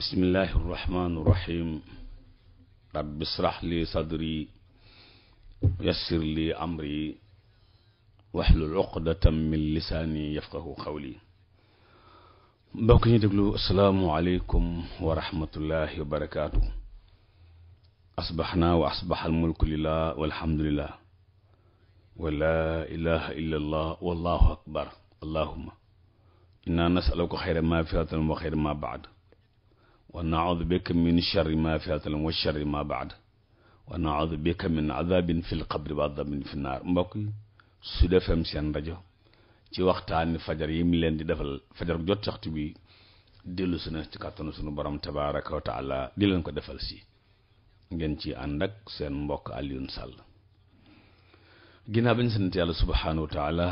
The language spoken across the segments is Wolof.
bismillaahi rahmaani rahiim rabbi israh li sadri yassir li amri waxlul uqdatam min lisaani yafqahu qawli mbokk ñu déglu asalaamu aleykum wa rahmatullahi wa barakaatu asbaxnaa wa asbax almulku lillah walhamdulillah wa laa ilaha illa allah wallahu akbar allahuma inna nasaluka xayra ma fi wa xayra ma baad wa naudu bika min sharri ma fi atalam wa sharri ma baad wa naudu bika min adabin fi lqabri wa adabin fi naar mbokk yi Sud FM seen rajo ci waxtaani fajar yi mu leen di defal fajar jot waxtu bi dellu si na ci kàttanu sunu borom tabaraka wa taala di leen ko defal si ngeen ci ànd ak seen mbokk Alioune Sall ginnaaw bañ sant yàlla subhaanahu wa taala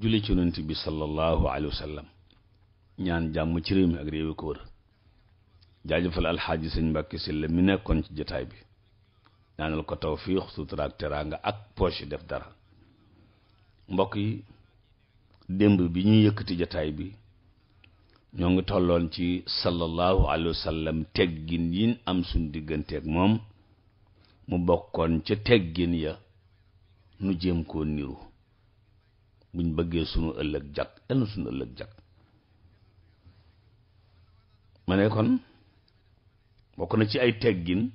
julli ci yonent bi sallallahu alayhi wa sallam ñaan jàmm ci réew mi ak réew ko wër jaajëfal alxaaji sëñ Mbàkke Sylla mi nekkoon ci jataay bi ñaanal ko tawfiix sutura ak teraanga ak poche def dara mbokk yi démb bi ñuy yëkkati jataay bi ñoo ngi tolloon ci sallallahu alayhi wa sallam teggin am suñ digganteeg moom mu bokkoon ca teggin ya nu jéem koo niru buñ bëggee sunu ëllëg jag yal sunu ëllëg jag ma ne kon bokk na ci ay teggin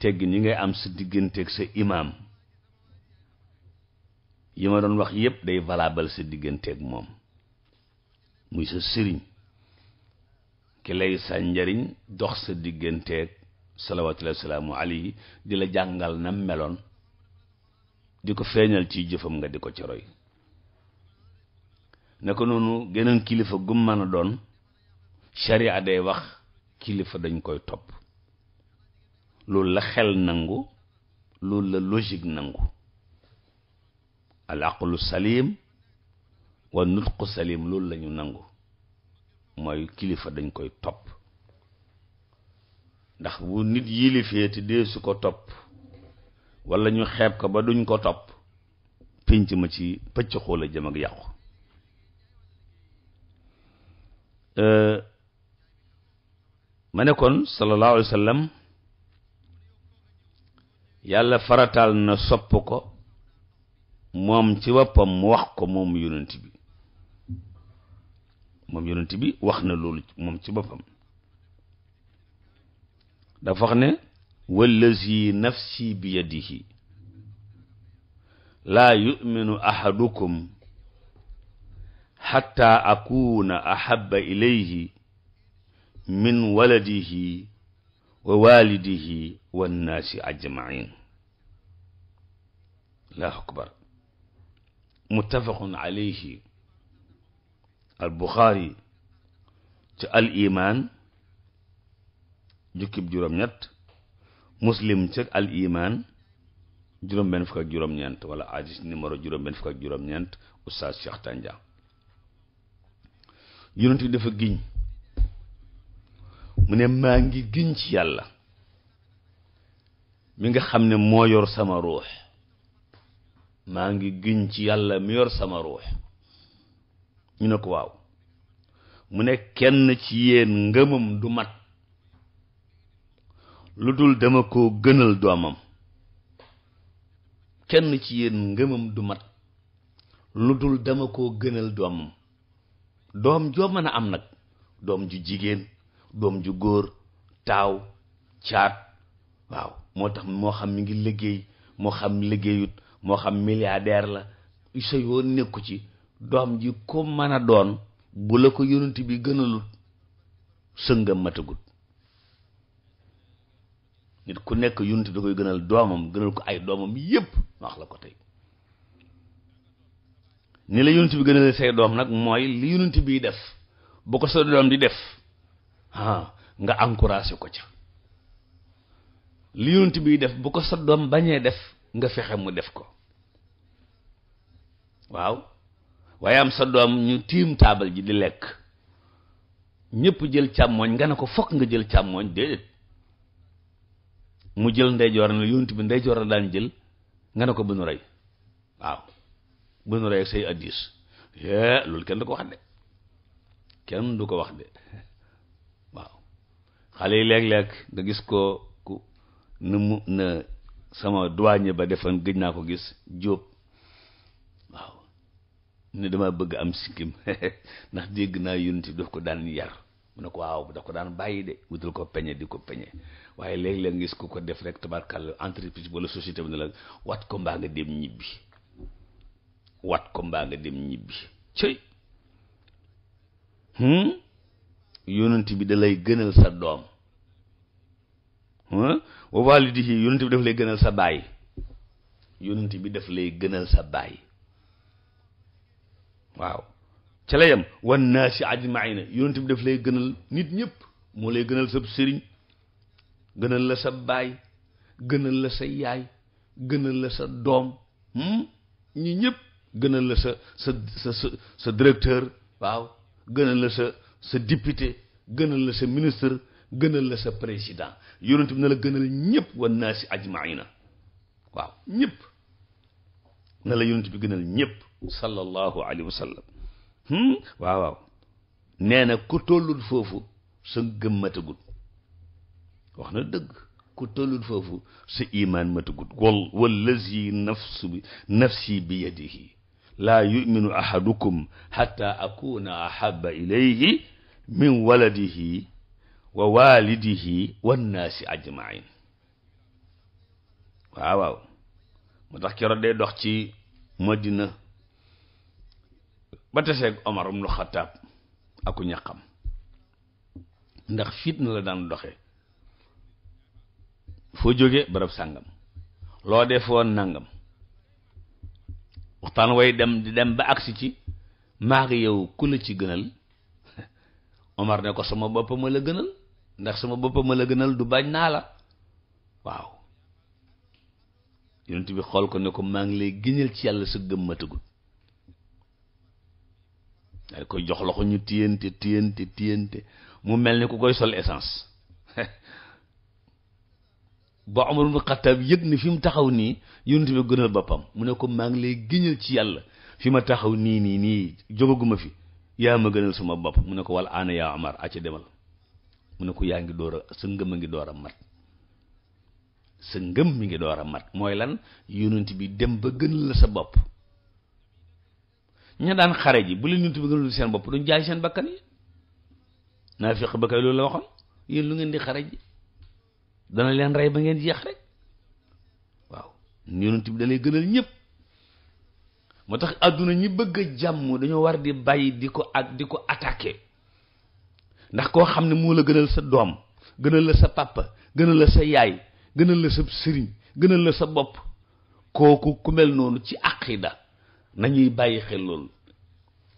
teggin yi ngay am sa digganteeg sa imaam yi ma doon wax yépp day valable sa digganteeg moom muy sa sëriñ ki lay sa njariñ dox sa digganteeg salawaatullahi salaamu alayhi di la jàngal na meloon di ko feeñal ci jëfam nga di ko ci ne naka noonu geneen kilifa gum mën a doon sharia day wax kilifa dañ koy topp loolu la xel nangu loolu la logique nangu al aqlu salim wa nutqu salim loolu lañu nangu mooy kilifa dañ koy topp ndax bu nit yilifee te dee su ko topp walla ñu xeeb ko ba duñ ko topp pinc ma ci pëcc xoola jëm ak yàqu euh, mane kon sallallahu alayhi wa sallam yàlla farataal na sopp ko moom ci boppam mu moom yonent bi moom yonent bi wax na loolu moom ci boppam dafa wax ne wallazi nafsi bi yadihi laa yuminu ahadukum xatta akuna ahabba ilayhi min waladihi wa walidihi wannaasi ajmain allahu akbar muttafaqun alayhi al buxaari ci al iman jukkib juróom-ñett muslim ci al iman juróom-benn fukk ak juróom-ñeent wala hadis numéro juróom-benn fukk ak juróom-ñeent oustaz Cheikh Tandia yonent bi dafa giñ mu ne maa ngi giñ ci yàlla mi nga xam ne moo yor sama ruux maa ngi giñ ci yàlla mi yor sama ñu ne ko waaw mu ne kenn ci yéen ngëmam du mat lu dul dama koo gënal doomam kenn ci yéen ngëmam du mat lu dul dama koo gënal doomam doom joo mën a am nag doom ju jigéen doom ju góor taaw caat waaw moo tax moo xam mi ngi liggéey moo xam liggéeyut moo xam milliardaire la sa yoon nekku ci doom ji ko mën a doon bu la ko yonent bi gënalut sënga matagut nit ku nekk yonent da koy gënal doomam gënal ko ay doomam yépp wax la ko tey ni la yonent bi gënal say doom nag mooy li yonent bi def bu ko sa doom di def nga encouragé ko ca li yonent biy def bu ko sa doom bañee def nga fexe mu def ko waaw waaye am sa doom ñu tiim taabal ji di lekk ñëpp jël càmmooñ nga ne ko fokk nga jël càmmooñ déedéet mu jël ndeyjoor la yonent bi ndeyjoor la daan jël nga ne ko bu nu rey waaw bu nu rey ak say addis loolu kenn du ko wax de kenn du ko wax de xale yi léeg-léeg nga gis ko ku nu mu na sama douanier ba defoon gëj naa ko gis jóob waaw ne dama bëgg am sikkim ndax dégg naa yunti daf ko daan yar mu ne ko waaw daf ko daan bàyyi de wutal ko peñe di ko peñe waaye léeg-léeg nga gis ko ko def rek tabarkal entreprise wala société bu ne la wat ko mbaa nga dem ñibbi wat ko mbaa nga dem ñibbi cëy hmm? yonent bi da lay gënal sa doom wa waalidihi yonent bi daf lay gënal sa baay yonent bi def lay gënal sa baay waaw ca la yem wan naasi ajmaina yonent bi daf lay gënal nit ñëpp moo lay gënal sa sëriñ gënal la sa baay gënal la sa yaay gënal la sa doom hmm? ñi ñëpp gënal sa sa sa waaw gënal sa sa député gënal la sa ministre gënal la sa président yonent bi na la gënal ñëpp wa naasi ajmaina waaw ñépp na la yonent bi gënal ñëpp sallallahu alayhi wa sallam hmm? waaw waaw nee na ku tollul foofu sa gëm matagul wax na dëgg ku tollul foofu sa imaan matagul wal wallazi nafsu bi nafsi bi yadihi laa yuminu ahadukum hatta akuna ahaba ilayhi min waladihi wa walidihi wannaasi ajmain waaw waaw moo tax keroog day dox ci Madina ba taseeg Omar ibn Khattab aku ñaqam ndax fitna la daan doxe foo jóge barab sàngam loo defoon nangam waxtaan way dem di dem ba agsi ci maa yow ku la ci gënal Omar ne ko sama bopp ma la gënal ndax sama boppam ma la gënal du bañ naa la waaw yonent bi xool ko ne ko maa ngi lay génneel ci yàlla sa gëm matagul daal koy jox loxo ñu téyante téyante téyante mu mel ni ku koy sol essence ba Umar ibn Xattaab yëg ni fi mu taxaw nii yonent bi gënal boppam mu ne ko maa ngi lay géñal ci yàlla fi ma taxaw nii nii nii jógaguma fi yaa ma gënal sama bopp mu ne ko wal aana yaa Umar acca demal mu ne ko yaa ngi door a sa ngëm a ngi door a mat sa ngëm mi ngi door a mat mooy lan yonent bi dem ba gënal la sa bopp ña daan xare ji bu leen yonent bi gënal seen bopp duñ jaay seen bakkan yi naa fexe ba kay loolu la waxoon yéen lu ngeen di xare ji dana leen rey ba ngeen jeex rek waaw yonent bi da lay gënal ñëpp moo tax àdduna ñi bëgg a jàmm dañoo war di bàyyi di ko ak di ko attaqué ndax koo xam ne moo la gënal sa doom gënal la sa pàppa gënal la sa yaay gënal la sa sëriñ gënal la sa bopp kooku ku mel noonu ci aqida nañuy bàyyi xel loolu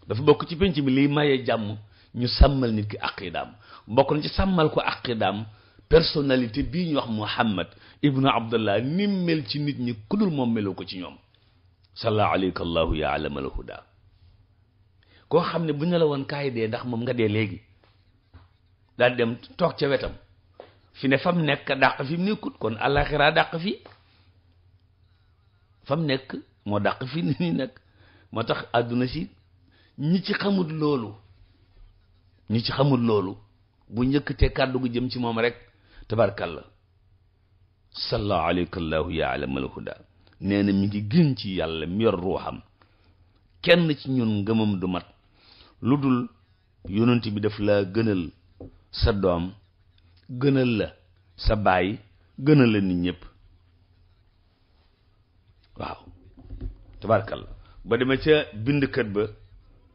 dafa bokk ci penc mi liy maye jàmm ñu sàmmal nit ki aqidaam bokk na ci sàmmal ko aqidaam personnalité bii ñu wax Muhammad ibnu Abdullah ni mel ci nit ñi ku moom meloo ko ci ñoom salla alayka allahu ya alamal huda koo xam ne bu ñu la woon kaay dee ndax moom nga dee léegi daal dem toog ca wetam fi ne fam nekk dàq fi mu nekkut kon àllaaxiraa dàq fi fam nekk moo dàq fi nii nag moo tax àdduna si ñi ci xamul loolu ñi ci xamul loolu bu njëkk te kàddu gu jëm ci moom rek tabarkalla salla alayka allahu ya alamal huda nee mi ngi gën ci yàlla mi yor ruuxam kenn ci ñun ngëmam du mat lu dul yonent bi daf laa gënal sa doom gënal la sa baay gënal la nit ñëpp waaw tabarkalla ba demee ca bindkat ba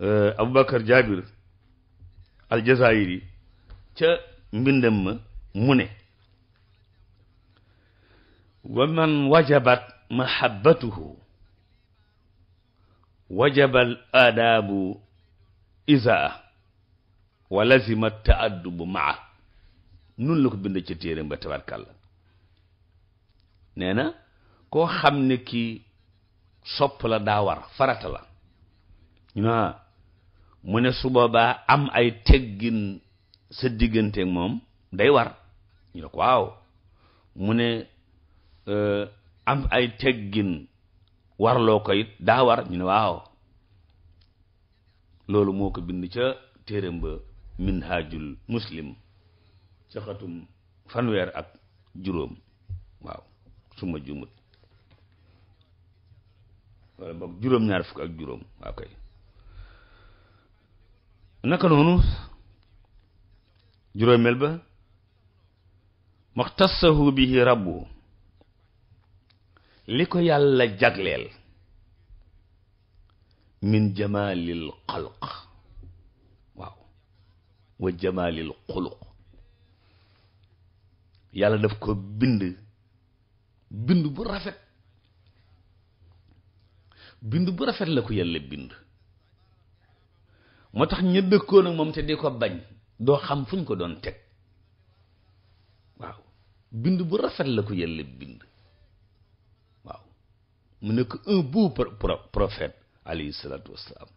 euh, Aboubacar Jabir al Jazairi ca mbindam ma mu ne wa man wajabat mahabbatuhu wajabal aadaabu isaa wa lazima taaddubu maa nun la ko bind ci téere ba tabarkàlla nee na koo xam ne kii sopp la daa war farata la ñu naa ah. am ay teggin sa digganteeg moom day war ñu ne waaw mu Euh, am ay teggin warloo ko daa war ñu ne waaw loolu moo ko bind ca téeram ba minhajul muslim ca fanweer ak juróom waaw suma jumut wala boog juróom-ñaar fukk ak juróom waaw kay naka noonu juróomeel ba maxtasahu bihi rabbu li ko yàlla jagleel min jamaalil xalq waaw wa jamaalil xuluq yàlla daf ko bind bind bu rafet bind bu rafet la ko yàlla bind moo tax ña dëkkoon ak moom te di ko bañ doo xam fu ñu ko doon teg waaw bind bu rafet la ko yàlla bind mu nekk un beau prophète alayhi salaatu wassalaam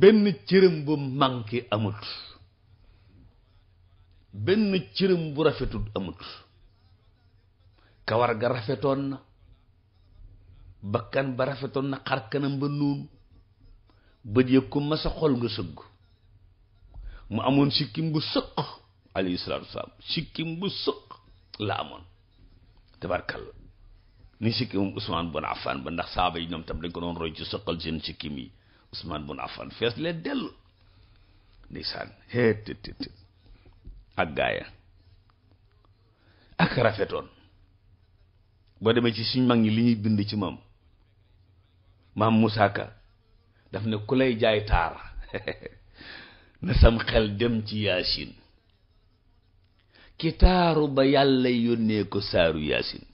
benn cërëm bu manqué amut benn cërëm bu rafetul amut kawar ga rafetoon na bakkan ba rafetoon na xar kanam ba nuun bët yëg ko masa xol nga sëgg mu amoon sikkim bu sëq alayhi salaatu wassalaam sikkim bu sëq la amoon tabarkalla ni sikkimum Ousmane bun afaan ba ndax saaba yi ñoom tam dañ ko doon roy ci sëqal seen sikkim yi Ousmane bun Affan fees leen dellu ndeysaan xeettëttë ak gaaya ak rafetoon boo demee ci suñ mag yi li ñuy bind ci moom maam Moussa Ka daf ne ku lay jaay taar na sam xel dem ci yaasin ki taaru ba yàlla yónnee ko saaru yaasin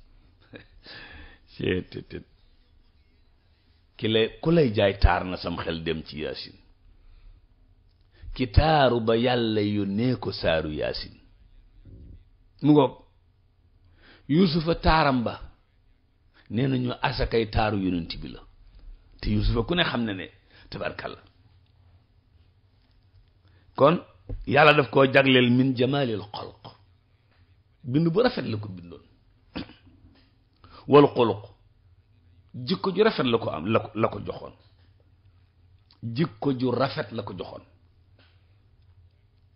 cettt ki lay ku lay jaay taar na sam xel dem ci yaasin ki taaru ba yàlla yónnee ko saaru yaasin mu ngoog yuusufa taaram ba nee nañu asakay taaru yonent bi la te yuusufa ku ne xam ne ne tabarkalla kon yàlla daf koo jagleel min jamaalil xolq bind bu rafet la ko bindoon wal xuluq jikko ju rafet la ko am la ko la ko joxoon jikko ju rafet la ko joxoon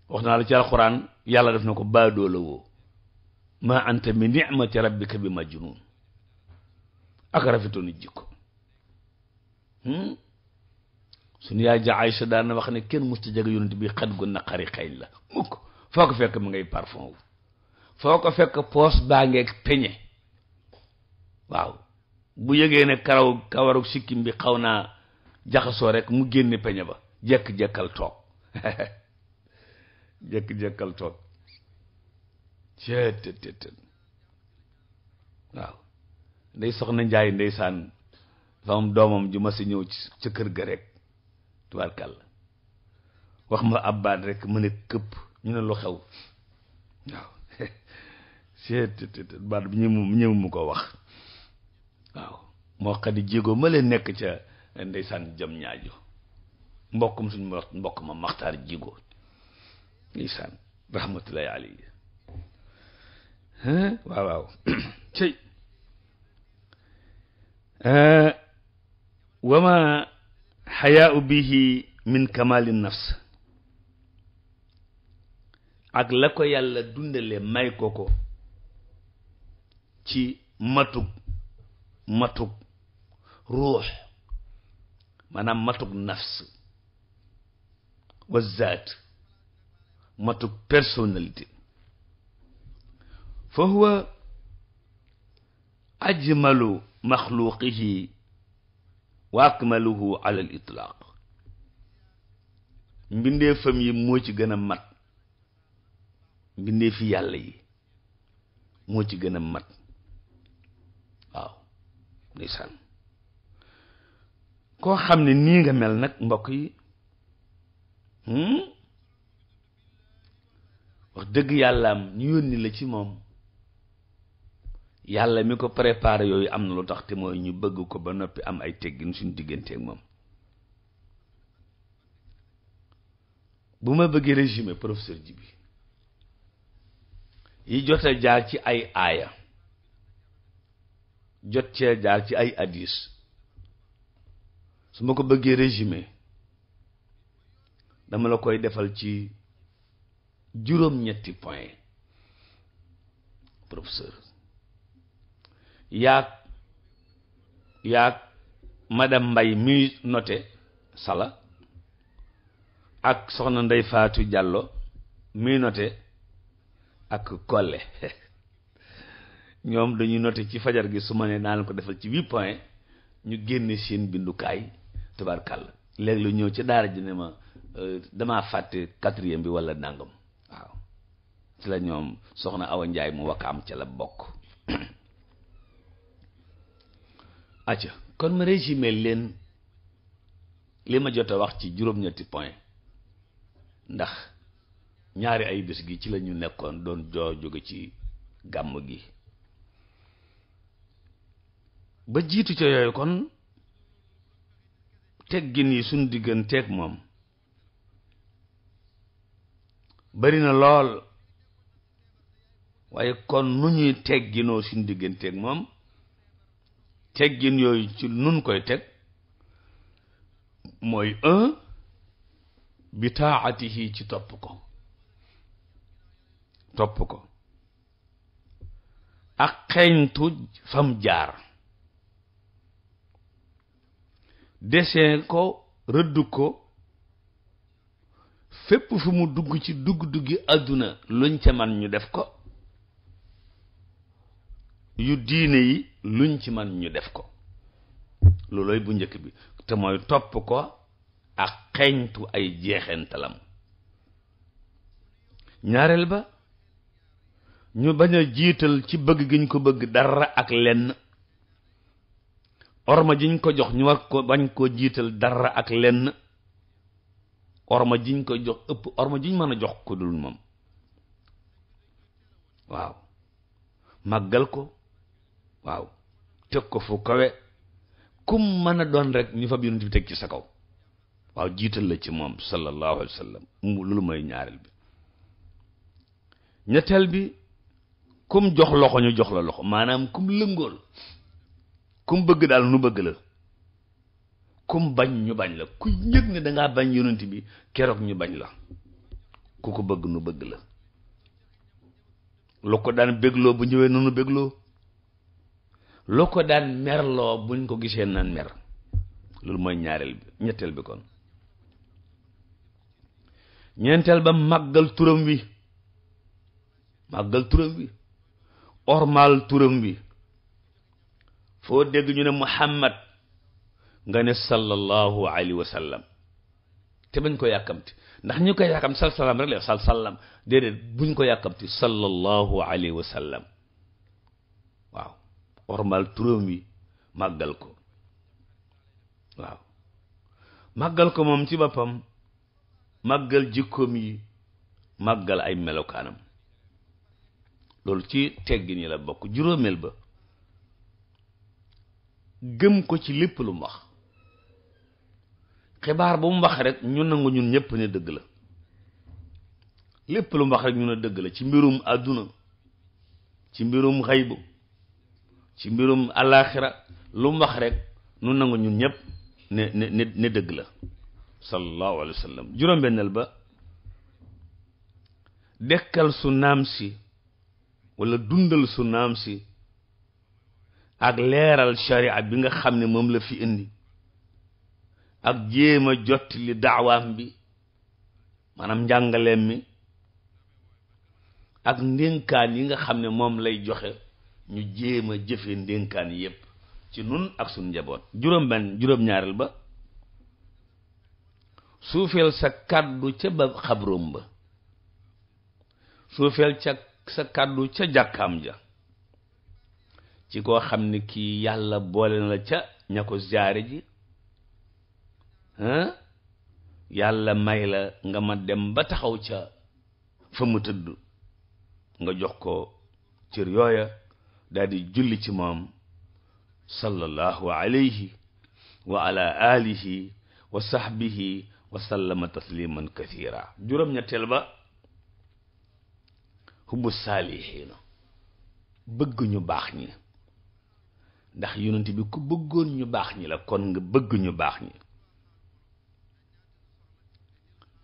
wax naa la ci alxuraan yàlla def na ko baadoo la woo ma anta bi ni'mati rabbika bi majnun ak rafetoon jikko hmm? suñu yaay ja Aysa daan na wax ne kenn musta jege yonent bi xet gu naqari xeeñ la mukk foo ko fekk mu ngay parfum foo ko fekk poos baa ngeeg peñe waaw bu yégee ne karaw kawaru sikkim bi xaw naa jaxasoo rek mu génne peñe ba jekk-jekkal toog jekk-jekkal toog cettt waaw day soxna njaay ndeysaan dafa am doomam ju ma si ñëw ci kër ga rek tubaarkàlla wax ma ab baat rek mu ne këpp ñu ne lu xew waaw cettt baat bi ñëw mu ko wax waaw moo xadi jéego leen nekk ca ndeysaan jëm ñaajo mbokkum suñ ma mbokk ma maxtaar jéego ndeysaan rahmatullahi alayhi waaw waaw cey wama bihi min kamali nafs ak la ko yàlla dundale may ko ko ci matuk matuk ruux maanaam matuk nafs wa zaat matuk personnalité fa huwa ajmalu maxluqihi wa akmaluhu ala al itlaq mbindeefam yi moo ci gën a mat mbindeefi yàlla yi moo ci gën a mat ndeysaan koo xam ne nii nga mel nag mbokk yi hmm? wax dëgg yàllaam ñu yónni la ci moom yàlla mi ko prépare yooyu am na lu tax te mooy ñu bëgg ko ba noppi am ay teggin suñu digganteeg moom bu ma bëggee résumé professeur Djibi yi jot a jaar ci ay aaya jot cee jaar ci ay hadis su ma ko bëggee résumer dama la koy defal ci juróom-ñetti point professeur yaag ma dem Mbay muy noté sala ak soxna Ndey Faatu Jàllo muy noté ak Kolle ñoom dañuy noté ci fajar gi su ma nee naa leen ko defal ci huit point ñu génne seen bindukaay tubaarkàll léegi lu ñëw ci daara ji ne ma euh, damaa fàtte quatrième bi wala nangam waaw ci la ñoom soxna Awa Njaay mu am ca la bokk acca kon ma résumé leen li ma jot a wax ci juróom-ñetti point ndax ñaari ay bis gi ci la ñu nekkoon doon joo jóge ci gàmm gi ba jiitu ca yooyu kon teggin yi suñ digganteeg moom bari na lool waaye kon nu ñuy tegginoo suñ digganteeg moom teggin yooyu ci nun koy teg mooy un bi taatihi ci topp ko topp ko ak xeeñtu fam jaar dessin ko rëdd ko fépp fu mu dugg ci dugg-duggi àdduna luñ ca man ñu def ko yu diine yi luñ ci man ñu def ko loolooy bu njëkk bi te mooy topp ko ak xeeñtu ay jeexentalam ñaareel ba ñu bañ a jiital ci bëgg gi ñu ko bëgg dara ak lenn ji jiñ ko jox ñu war ko bañ koo jiital dara ak lenn orma jiñ ko jox ëpp orma jiñ mën a jox ko dul moom waaw màggal ko waaw teg ko fu kawe kum mën a doon rek ñu fa yonent bi teg ci sa kaw waaw jiital la ci moom sallallahu alayhi wa sallam loolu ñaareel bi ñetteel bi kum jox loxo ñu jox la loxo maanaam kum lëngool kum bëgg daal nu bëgg la kum bañ ñu bañ la ku yëg ne dangaa bañ yonent bi keroog ñu bañ la ku ko bëgg nu bëgg la lu ko daan bégloo bu ñëwee nanu bégloo lu ko daan merloo buñ ko gisee nan mer loolu mooy ñaareel bi ñetteel bi kon ñeenteel ba màggal turam wi màggal turam wi ormal turam wi foo dégg ñu ne muhammad nga ne sallallahu alayhi wa sallam te bañ ko yàkkamti ndax ñu koy yàkkamti sal salaam sal salaam déedéet buñ ko yàkkamti sallallahu alayhi wa sallam waaw ormal turam wi màggal ko waaw màggal ko moom ci boppam màggal jikkoom yi màggal ay melokaanam loolu ci teggin yi la bokk juróomeel ba gëm ko ci lépp lu mu xibaar bu mu wax rek ñu nangu ñun ñëpp ne dëgg la lépp lu mbax rek ñu ne dëgg la ci mbirum àdduna ci mbirum xaybu ci mbirum alaaxira lu mu wax rek ñu nangu ñun ñëpp ne ne ne dëgg la sallallahu alayhi wa juróom-benneel ba dekkal su naam si wala dundal su naam si ak leeral sharia bi nga xam ne moom la fi indi ak jéema a li daawaam bi maanaam njàngaleem mi ak ndénkaan yi nga xam ne moom lay joxe ñu jéem a jëfe ndénkaan yépp ci nun ak suñ njaboot juróom benn juróom-ñaareel ba suufeel sa kàddu ca ba xabroom ba suufeel sa kàddu ca jàkkaam ja ci koo xam ne kii yàlla boole na la ca ña ko ziyaare ji yàlla may la nga ma dem ba taxaw ca fa mu tëdd nga jox ko cër yooya daal di julli ci moom sallallahu alayhi wa ala alihi wa sahbihi wa sallama tasliman kathira juróom-ñetteel ba hubbu saalihiina bëgg ñu baax ñi ndax yonent bi ku bëggoon ñu baax ñi la kon nga bëgg ñu baax ñi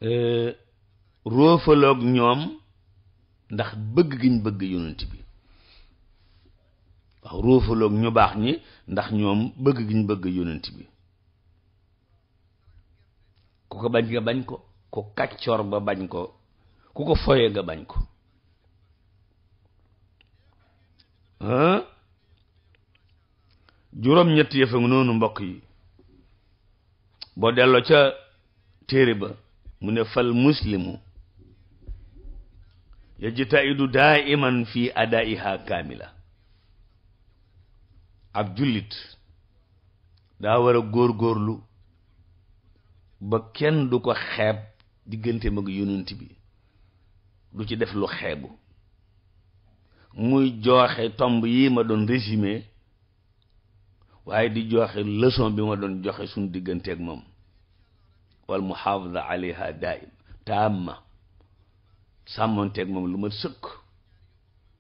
euh, roofaloog ñoom ndax bëgg giñ bëgg yonent bi waaw roofaloog ñu baax ñi ndax ñoom bëgg giñ bëgg yonent bi ku ko bañ nga bañ ko ku kàccoor ba bañ ko ku ko foye nga bañ ko juróom ñett yëfa nga noonu mbokk yi boo delloo ca téere ba mu ne fal muslimu yajtaidu daiman fi adaiha kaamila ab jullit daa war a góorgóorlu ba kenn du ko xeeb diggante mag yonent bi du ci def lu xeebu muy joxe tomb yi ma doon résumé waaye di joxe leçon bi ma doon joxe suñu digganteeg moom wal muhaafada alayha daaim taamma sàmmonteeg moom lu ma sëkk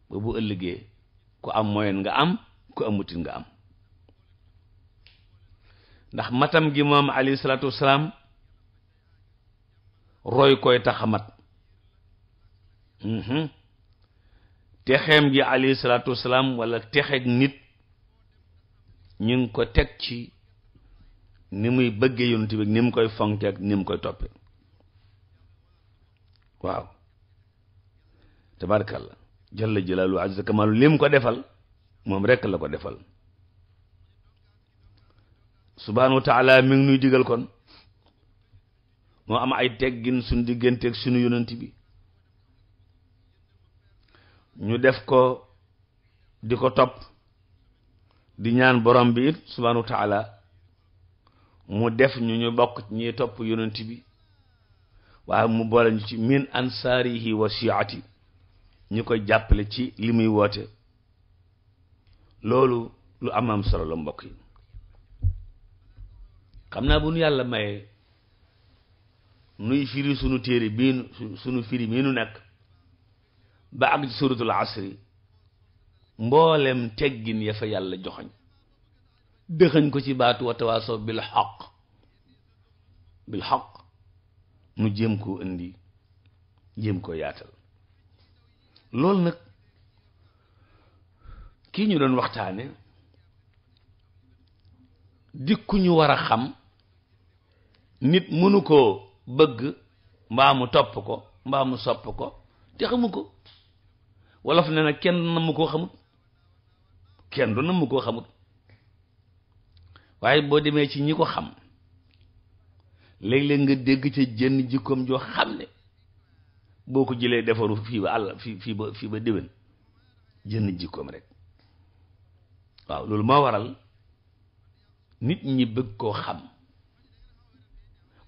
ba bu ëllëgee ku am moyen nga am ku amutit nga am ndax matam gi moom alayhi salaatu wasalaam roy koy tax a mat mhm. texeem gi texeeg nit ñu ngi ko teg ci ni muy bëggee yonent bi ni mu koy fonke ak ni mu koy toppe waaw tabarakallah jalla jalaalu azza kamaalu li mu ko defal moom rekk la ko defal subhaanahu wa taala mi ngi nuy digal kon moo am ay teggin suñu diggante ak suñu yonent bi ñu def ko di ko topp di ñaan borom bi it subhaanahu mu def ñu ñu bokk ñuy topp yonent bi waa mu boole ñu ci min ansaarihi wa shiati ñu ko jàppale ci li muy woote loolu lu am am solo la mbokk yi xam naa bu nu yàlla maye nuy firi sunu téere bii sunu firi mii nu nekk ba ak suratul asri mboolem teggin ya fa yàlla joxoñ dëxañ ko ci baatu wa tawaasaw bil xaq bil xaq nu jéem koo indi jéem koo yaatal loolu nag kii ñu doon waxtaane dikku ñu war a xam nit mënu koo bëgg mbaa mu topp ko mbaa mu sopp ko te xamu ko wolof ne nag kenn na mu koo xamut kenn du namm koo xamut waaye boo demee ci ñi ko xam léeg-léeg nga dégg ca jënn jikkoom joo xam ne boo ko jëlee defaru fii ba àll fii ba fii ba déwén jënn jikkoom rek waaw loolu moo waral nit ñi bëgg koo xam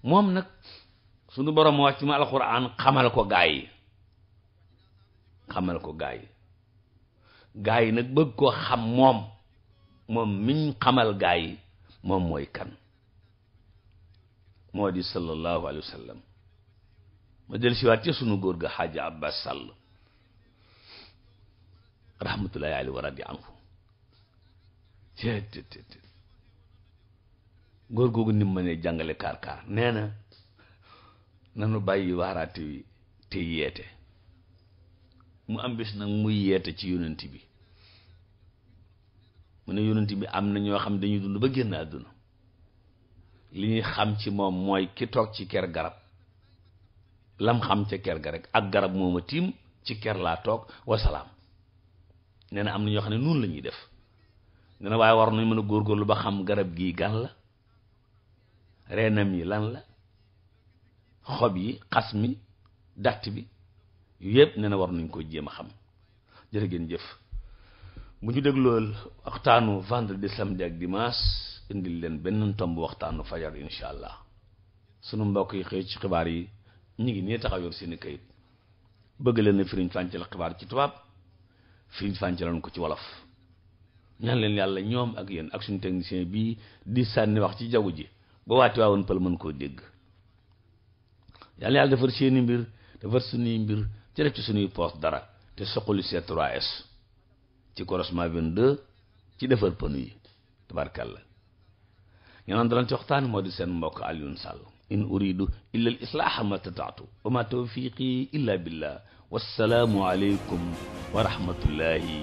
moom nag suñu borom wàcc ma alxuraan xamal ko gaa yi xamal ko gaa yi gaa yi nag bëgg koo xam moom moom miñ xamal gaa yi moom mooy kan moo di sallallahu alayhi wa sallam ma del siwaat ca sunu góor ga xaaja abbas sàll rahmatullahi alayhi wa radi anhu tet góor googu ni mu jàngale kaar kaar nee na nanu bàyyi waaraate wi te yeete mu am bis nag muy yeete ci yonent bi mu ne yonent bi am na ñoo xam dañuy dund ba génn àdduna li ñuy xam ci moom mooy ki toog ci ker garab lam xam ca ker ga ak garab mooma tiim ci ker laa toog wasalaam nee na am na ñoo xam ne noonu lañuy def nee waaye war nañ mën a góor góorgóorlu ba xam garab gii gan la reenam yi lan la xob yi xas mi datt bi yëpp nee na war nañ ko jéem a xam jërë ngeen jëf bu ñu déglool waxtaanu vendredi samedi ak dimanche indil leen benn tomb waxtaanu fajar incha allah sunu mbokk yi xëy ci xibaar yi ñu ngi nee taxaw yor seeni kayit bëgg leen na firiñ fàncal xibaar ci tubaab firiñ fàncaloon ko ci wolof ñaan leen yàlla ñoom ak yéen ak suñu technicien bi di sànni wax ci jaww ji ba waati waawoon pël mën koo dégg yàlla yàlla defar seeni mbir defar suñuy mbir ci def ci suñuy poos dara te soqali see 3S ci croisement 22 ci defar panu yi tabarkalla ñu naan dalan ci waxtaan moo di seen mbokk Alioune Sall in uridu illa al islaaha ma tataatu wa ma tawfiqi illa billah wassalaamu aleykum wa rahmatullahi